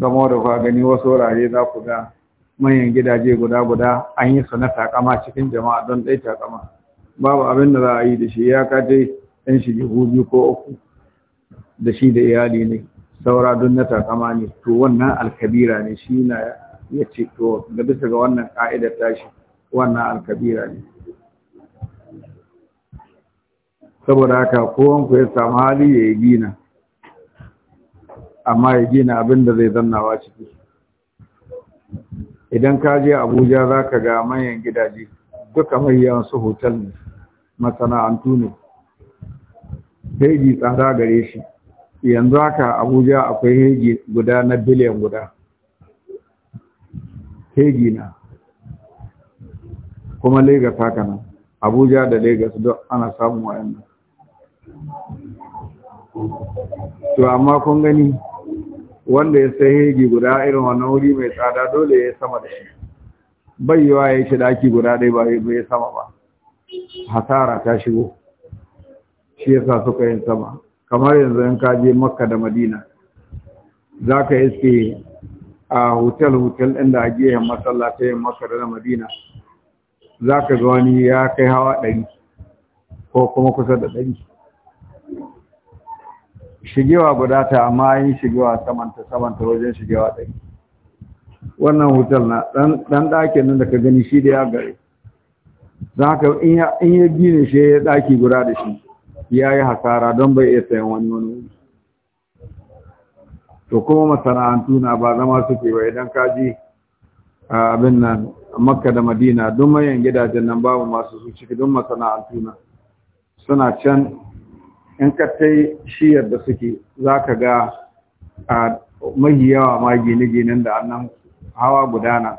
S1: zama da kwa gani wasu wurare za ku ga manyan gidaje guda guda an yi su na takama cikin jama'a don ɗai takama babu abin da za a yi da shi ya kace ɗan shi biyu ko uku da shi da iyali ne saura don na takama ne to wannan alkabira ne shi na ya ce to ga bisa ga wannan ka'idar tashi wannan alkabira ne saboda haka kowanku ya samu hali ya yi gina amma ya gina abin da zai zannawa ciki idan ka je abuja za ka ga manyan gidaje duka mayan su hotel ne masana'antu ne heji tsada gare shi yanzu haka abuja akwai heji guda na biliyan guda heji na kuma Legas haka nan abuja da Legas don ana samun wayannan to amma kun gani wanda ya sai hegi guda irin wannan wuri mai tsada dole ya sama da shi bayyawa ya shi daki guda ɗaya ba ya sama ba hasara ta shigo shi ya sa suka yin sama kamar yanzu in ka je makka da madina za ka iske a hotel-hotel ɗin da a ta yin makka da madina za ka ga wani ya kai hawa ɗari ko kuma kusa da ɗari shigewa guda ta amma yin shigewa samanta samanta wajen shigewa ɗai wannan hotel na ɗan ɗakin nan da ka gani shi da ya gare za ka in ya gina shi ya ɗaki guda da shi ya yi hasara don bai iya sayan wani wani wuri to kuma masana'antu na ba zama suke ba idan ka ji a abin nan makka da madina don mayan gidajen nan babu masu su ciki don masana'antu na suna can in ka tai shiyar da suke za ka ga a mahi yawa ma gine-ginen da annan hawa gudana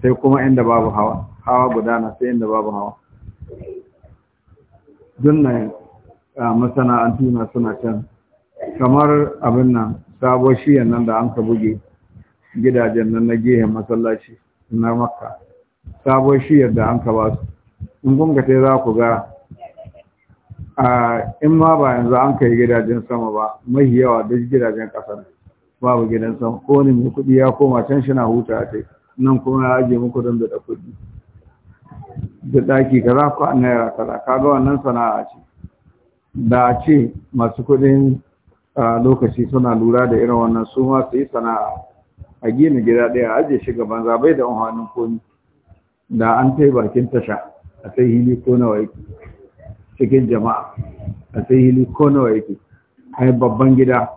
S1: sai kuma inda babu hawa hawa gudana sai inda babu hawa dunnan masana'antu na suna can kamar abin nan sabo shiyan nan da an ka buge gidajen nan na gehen masallaci na makka sabo shiyar da an ka ba su in kun ka za ku ga in ma ba yanzu an kai gidajen sama ba mai yawa duk gidajen ƙasar babu gidan sama ko ne mai kuɗi ya koma can shi na huta ta nan kuma ya ajiye muku don da kuɗi da ɗaki kaza ku an naira kaza ga wannan sana'a ce da ce masu kuɗin lokaci suna lura da irin wannan su ma su yi sana'a a gina gida ɗaya a ajiye shi gaban zabai da unhanin komi da an tai bakin tasha a sai hili ko nawa yake cikin jama'a a sai hili ko nawa yake ai babban gida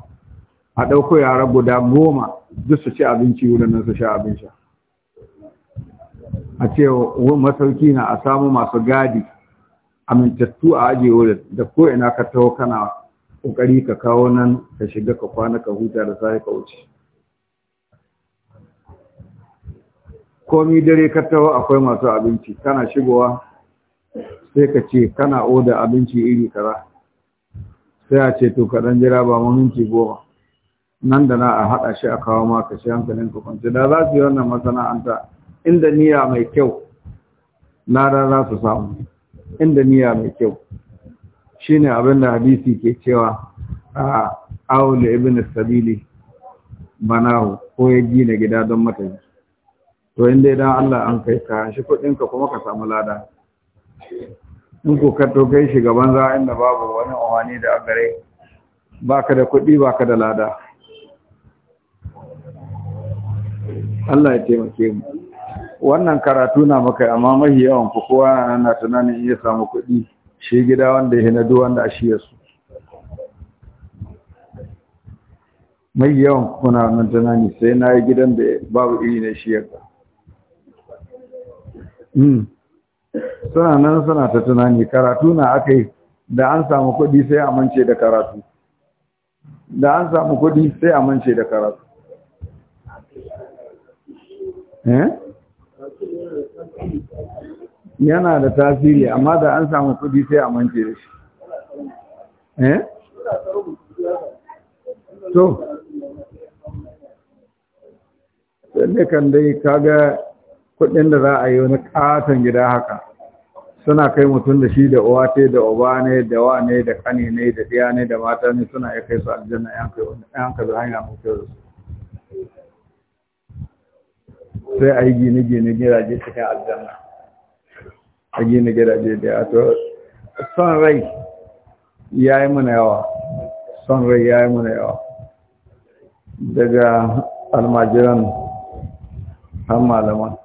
S1: a ɗauko yara guda goma duk su ci abinci wurin nan su sha abin sha a ce masauki na a samu masu gadi amintattu a ajiye wurin da ko ina ka taho kana kokari ka kawo nan ka shiga ka kwana ka huta da sai ka wuce komi dare ka taho akwai masu abinci kana shigowa sai ka ce kana oda abinci iri kaza sai a ce to ka dan jira ba mu goma nan da na a haɗa shi a kawo maka shi hankalin ka kwance da za su yi wannan masana'anta inda niyya mai kyau lada za su samu inda niyya mai kyau shine abin da hadisi ke cewa a aule ibn sabili banahu ko ya gina gida don matafi to inda idan Allah an kai ka shi kuɗinka kuma ka samu lada in ko ka kai shi gaban za inda babu wani awani da agare baka da kuɗi baka da lada Allah ya taimake mu wannan karatu na muka amma mahi yawan ku kowa na tunanin iya samu kuɗi shi gida wanda ya nadu wanda a shiya su mai yawan kuna nan tunanin sai na yi gidan da babu iri na shiyar ka suna nan suna ta tunani karatu na aka yi da an samu kuɗi sai a mance da karatu da an samu kuɗi sai a mance da karatu eh? yana da tasiri amma da an samu kuɗi sai a mance da shi eh? to sai kan dai kaga kudin da za a yi wani katon gida haka suna kai mutum da shi da uwa ce da uba ne da wa ne da kani ne da ɗiya ne da mata ne suna ya kai su aljanna yan kai wani yan kai hanya mai kyau da su sai a yi gine-gine gidaje cikin aljanna a gine gidaje da ya to son rai ya yi mana yawa son rai ya yi mana yawa daga almajiran har malaman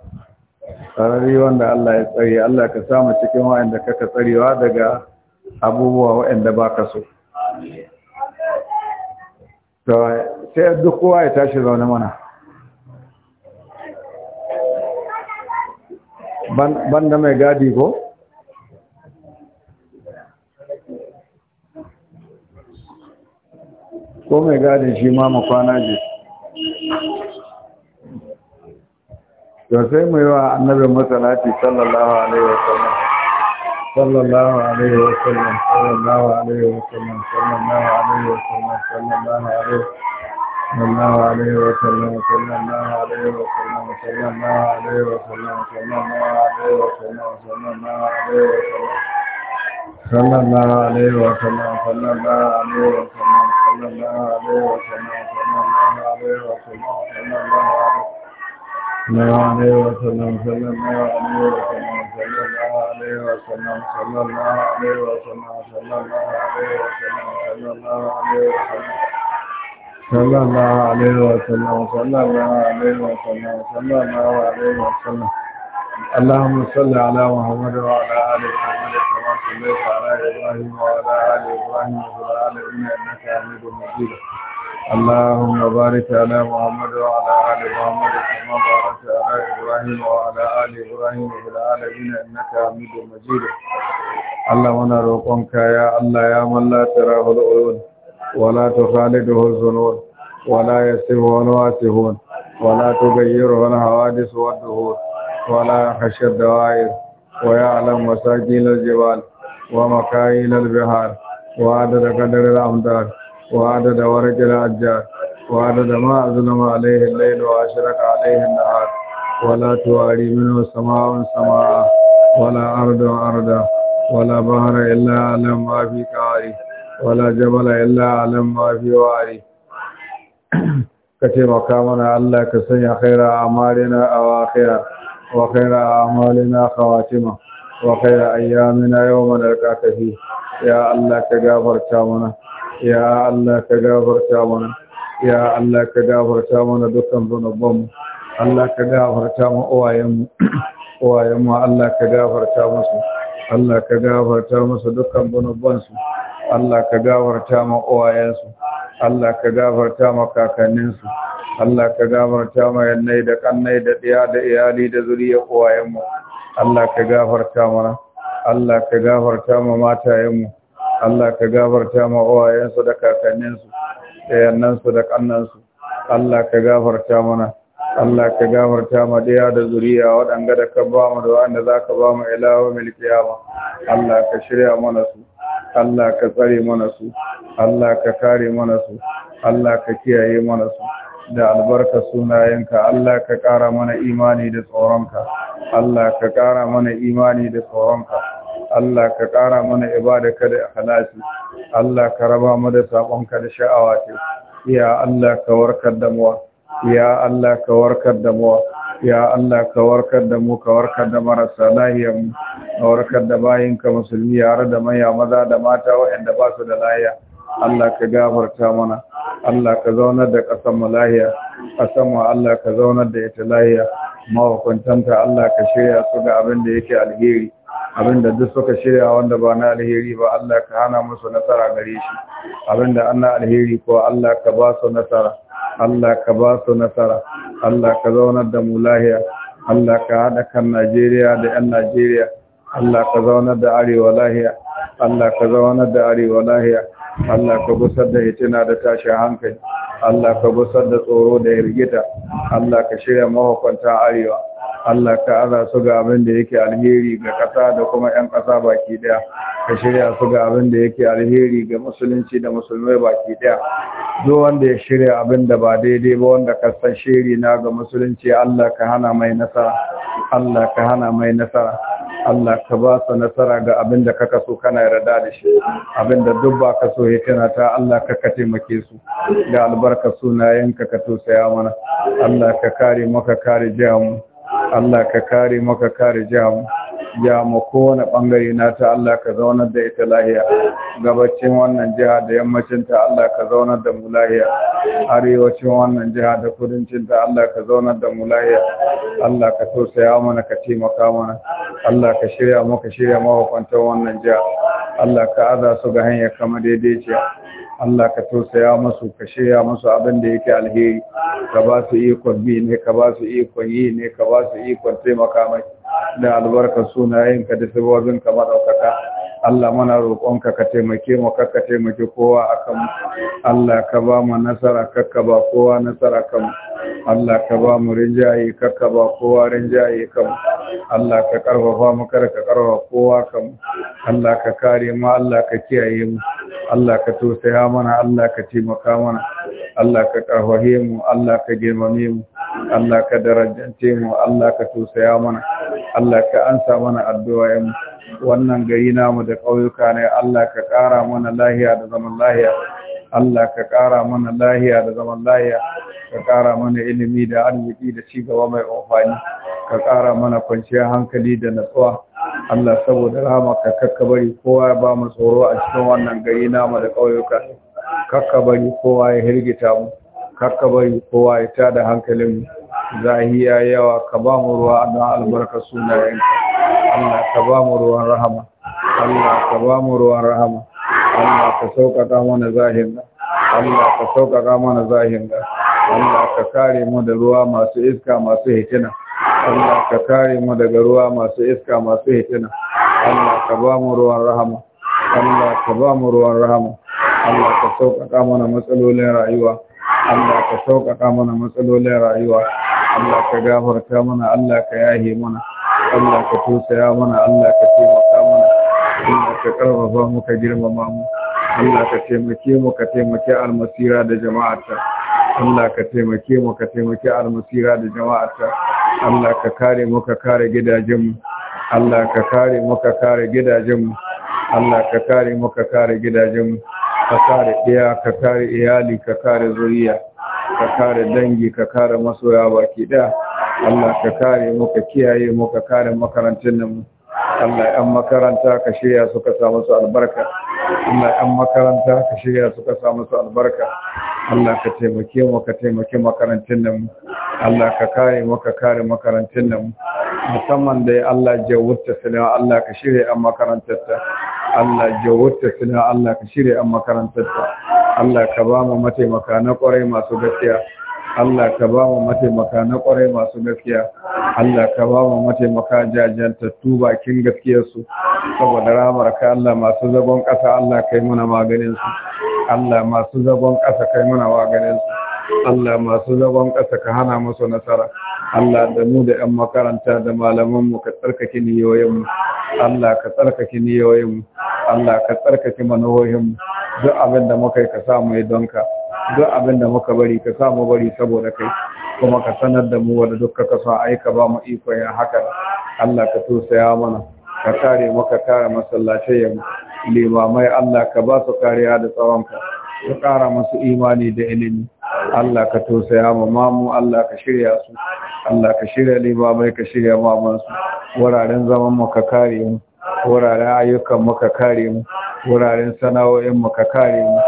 S1: Sarari wanda Allah ya tsare Allah ka samu cikin wa'anda kaka tsarewa daga abubuwa ba baka so to sai duk kowa ya tashi zaune mana Ban da mai gadi ko ko mai gadin shi ma makwana je sosai mai wa annabin masalati sallallahu alaihi wa sallallahu alaihi wa الله عليه وسلم صلى الله عليه وسلم صلى الله عليه وسلم صلى الله عليه وسلم صلى الله عليه وسلم صلى الله عليه وسلم صلى الله عليه وسلم صلى الله عليه وسلم صلى الله عليه وسلم اللهم صل على محمد وعلى ال محمد كما صليت على ابراهيم وعلى ال ابراهيم في العالمين انك حميد مجيد اللهم بارك على محمد وعلى آل محمد كما باركت على إبراهيم وعلى آل إبراهيم في العالمين إنك حميد مجيد اللهم نروقك يا الله يا من لا تراه العيون ولا تخالده الظنون ولا يسفه الواسفون ولا تغيره الحوادث والدهور ولا يخشى الدوائر ويعلم مساكين الجبال ومكاين البحار وعدد قدر الأمداد وعدد ورق الأشجار وعدد ما أظلم عليه الليل وأشرق عليه النهار ولا تواري منه سماء سماء ولا أرض أرضا ولا بحر إلا علم ما في كاري ولا جبل إلا علم ما في واري كتب مقامنا الله كسن خير أعمالنا أواخرا وخير أعمالنا خواتمه وخير أيامنا يوم نلقاك فيه يا الله كجافر كامنا ya Allah ka gafarta mana ya Allah ka gafarta mana dukkan mu Allah ka gafarta mu uwayenmu uwayenmu Allah ka gafarta musu Allah ka gafarta musu dukkan su Allah ka gafarta ma uwayensu Allah ka gafarta ma kakanninsu Allah ka gafarta ma yannai da kannai da ɗiya da iyali da zuriyar uwayenmu Allah ka gafarta mana Allah ka gafarta ma matayenmu Allah ka gafarta ma uwayensu da kakanninsu da yannansu da kannansu Allah ka gafarta mana Allah ka gafarta ma ɗaya da zuriya waɗanga da ka ba mu da waɗanda za ka ba mu ilawa milkiyama Allah ka shirya mana su Allah ka tsare mana su Allah ka kare mana su Allah ka kiyaye mana su da albarka sunayenka Allah ka kara mana imani da tsoronka Allah ka kara mana imani da tsoronka Allah ka ƙara mana ka da ikhlasi Allah ka raba mu da sabonka da sha'awa ce ya Allah ka warkar da mu ya Allah ka warkar da mu ya Allah ka warkar da mu ka warkar da marasa lahiyar mu ka warkar da ka musulmi yare da maya maza da mata waɗanda ba su da lahiya Allah ka gafarta mana Allah ka zaunar da ƙasar mu lahiya ƙasar mu Allah ka zaunar da ita lahiya mahukuntanta Allah ka shirya su ga abin da yake alheri abinda duk suka shirya wanda ba na alheri ba Allah ka hana musu nasara gare shi abinda an na alheri ko Allah ka ba su nasara Allah ka ba su nasara Allah ka zaunar da mu lahiya Allah ka haɗa kan Najeriya da 'yan Najeriya Allah ka zaunar da arewa lahiya Allah ka zaunar da arewa lahiya Allah ka gusar da hitina da tashin hankali Allah ka gusar da tsoro da hirgita Allah ka shirya mahukunta arewa Allah ka aza su ga abin da yake alheri ga ƙasa da kuma 'yan ƙasa baki ɗaya ka shirya su ga abin da yake alheri ga musulunci da musulmai baki ɗaya duk wanda ya shirya abin da ba daidai ba wanda ka san shiri na ga musulunci Allah ka hana mai nasara Allah ka hana mai nasara Allah ka ba su nasara ga abin da kaka so kana yarda da shi abin da duk ba ka so ya tana ta Allah ka ka taimake su da albarka yanka ka tosaya mana Allah ka kare maka kare mu Allah ka kare maka kare jihar ya ma kowane bangare na ta Allah ka zaunar da ita lahiya gabacin wannan jiha da yammacin ta Allah ka zaunar da mu lahiya arewacin wannan jiha da kudancin ta Allah ka zaunar da mu lahiya Allah ka tausaya mana ka taimaka mana Allah ka shirya maka shirya mahukuntan wannan jiha Allah ka aza su ga hanya kama daidaiciya Allah ka tausaya masu ka shirya masu abin da yake alheri ka ba su ikon bi ne ka ba su ikon yi ne ka ba su ikon taimaka mai da sunayen sunayenka da ka madaukaka Allah mana roƙonka ka taimake mu ka taimake kowa akan Allah ka ba mu nasara kakka ba kowa nasara kan Allah ka ba mu rinjaye kakka ba kowa rinjaye kan Allah ka karfafa mu kada ka karfafa kowa kan Allah ka kare mu Allah ka kiyaye mu Allah ka tausaya mana Allah ka taimaka mana Allah ka karfafe mu Allah ka girmame mu Allah ka darajance mu Allah ka tausaya mana Allah ka ansa mana addu'a mu wannan gari namu da ƙauyuka ne Allah ka ƙara mana lahiya da zaman lahiya Allah ka ƙara mana lahiya da zaman lahiya ka ƙara mana ilimi da arziki da cigaba mai amfani ka ƙara mana kwanciyar hankali da natsuwa Allah saboda rama ka kakka bari kowa ya ba mu tsoro a cikin wannan gari namu da ƙauyuka kakka bari kowa ya hirgita mu kakka bari kowa ya tada hankalin mu zahiya yawa ka ba mu ruwa don albarka sunayenka Allah ka ba mu ruwan rahama Allah ka ba mu ruwan rahama Allah ka sauƙaƙa mana zahinka Allah ka sauƙaƙa mana zahinka Allah ka kare mu da ruwa masu iska masu hitina Allah ka kare mu daga ruwa masu iska masu hitina Allah ka ba mu ruwan rahama Allah ka ba mu ruwan rahama Allah ka sauƙaƙa mana matsalolin rayuwa Allah ka sauƙaƙa mana matsalolin rayuwa Allah ka gafarta mana Allah ka yahe mana Allah ka tusaya mana Allah ka taimaka Allah ka karfafa mu ka girmama mu Allah ka taimake mu ka taimake almasira da jama'arta Allah ka taimake mu ka taimake almasira da jama'arta Allah ka kare mu ka kare gidajenmu Allah ka kare mu ka kare Allah ka kare mu ka kare ka kare ɗaya ka kare iyali ka kare zuriya ka kare dangi ka kare masoya baki ɗaya Allah ka kare mu ka kiyaye mu ka kare makarantun mu Allah ‘yan makaranta ka shirya suka samu su albarka, Allah ‘yan makaranta ka shirya suka samu su albarka, Allah ka taimake mu ka taimake makarantun nan, Allah ka kare mu ka kare makarantun nan, musamman da ya Allah jawurta sila Allah ka shirya ‘yan makarantarta, Allah jawurta sila Allah ka shirya ‘yan makarantarta, Allah ka ba mu mataimaka na ƙwarai masu gaskiya. Allah ka ba mu mataimaka na kwarai masu gaskiya Allah ka ba mu mataimaka jajantattu bakin gaskiyarsu saboda ramar ka Allah masu zagon ƙasa Allah kai muna maganinsu, Allah masu zagon ƙasa kai muna maganinsu. Allah masu zagon ƙasa ka hana masu nasara Allah da mu da 'yan makaranta da malamanmu ka tsarkake niyoyinmu Allah ka tsarkake niyoyinmu Allah ka tsarkake manohohinmu duk abin da muka yi ka samu ya donka duk abin da muka bari ka samu bari saboda kai kuma ka sanar da mu wadda duk ka sa aika ba mu iko ya haka Allah ka tosaya mana ka kare maka kare masallacin limamai Allah ka ba su kariya da tsawonka. ka ƙara masu imani da ilimi Allah ka tausaya ma mamu Allah ka shirya su Allah ka shirya limamai ka shirya mamansu wuraren zaman maka ka kare mu wuraren ayyukan maka kare mu wuraren sana'o'in mu ka kare mu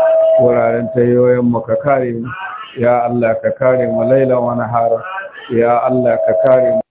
S1: wuraren tayoyin mu ka kare mu ya Allah ka kare mu laila wa nahara ya Allah ka kare mu